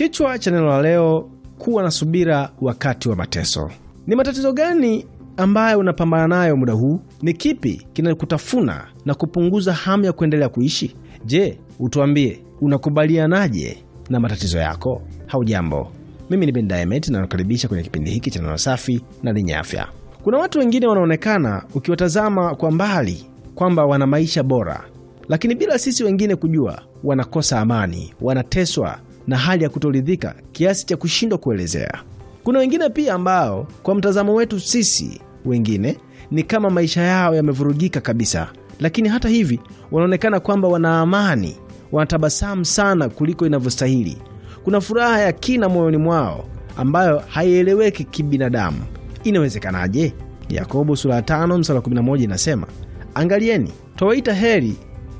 Kichwa cha neno la leo, kuwa na subira wakati wa mateso. Ni matatizo gani ambayo unapambana nayo muda huu? Ni kipi kinakutafuna na kupunguza hamu ya kuendelea kuishi? Je, utuambie unakubalianaje na matatizo yako? Haujambo, mimi ni Ben Diamond na nakaribisha kwenye kipindi hiki cha neno safi na lenye afya. Kuna watu wengine wanaonekana ukiwatazama kwa mbali kwamba wana maisha bora, lakini bila sisi wengine kujua, wanakosa amani, wanateswa na hali ya kutoridhika kiasi cha kushindwa kuelezea. Kuna wengine pia ambao kwa mtazamo wetu sisi wengine ni kama maisha yao yamevurugika kabisa, lakini hata hivi wanaonekana kwamba wana amani, wanatabasamu sana kuliko inavyostahili. Kuna furaha ya kina moyoni mwao ambayo haieleweki kibinadamu. Inawezekanaje? Yakobo sura ya 5 mstari 11 inasema, angalieni, twawaita heri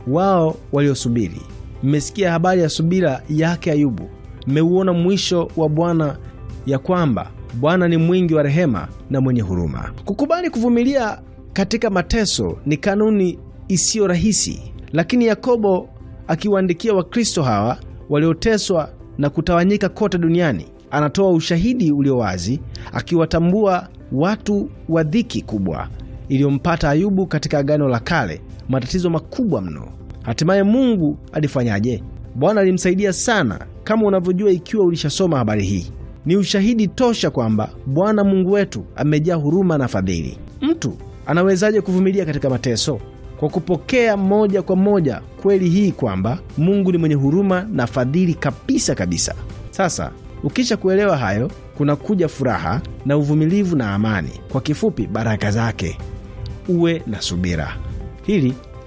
wao waliosubiri, mmesikia habari ya subira yake Ayubu, mmeuona mwisho wa Bwana ya kwamba Bwana ni mwingi wa rehema na mwenye huruma. Kukubali kuvumilia katika mateso ni kanuni isiyo rahisi, lakini Yakobo akiwaandikia Wakristo hawa walioteswa na kutawanyika kote duniani, anatoa ushahidi ulio wazi, akiwatambua watu wa dhiki kubwa iliyompata Ayubu katika Agano la Kale, matatizo makubwa mno Hatimaye Mungu alifanyaje? Bwana alimsaidia sana, kama unavyojua ikiwa ulishasoma habari hii. Ni ushahidi tosha kwamba Bwana Mungu wetu amejaa huruma na fadhili. Mtu anawezaje kuvumilia katika mateso? Kwa kupokea moja kwa moja kweli hii kwamba Mungu ni mwenye huruma na fadhili kabisa kabisa. Sasa ukisha kuelewa hayo, kunakuja furaha na uvumilivu na amani, kwa kifupi, baraka zake. Uwe na subira. Hili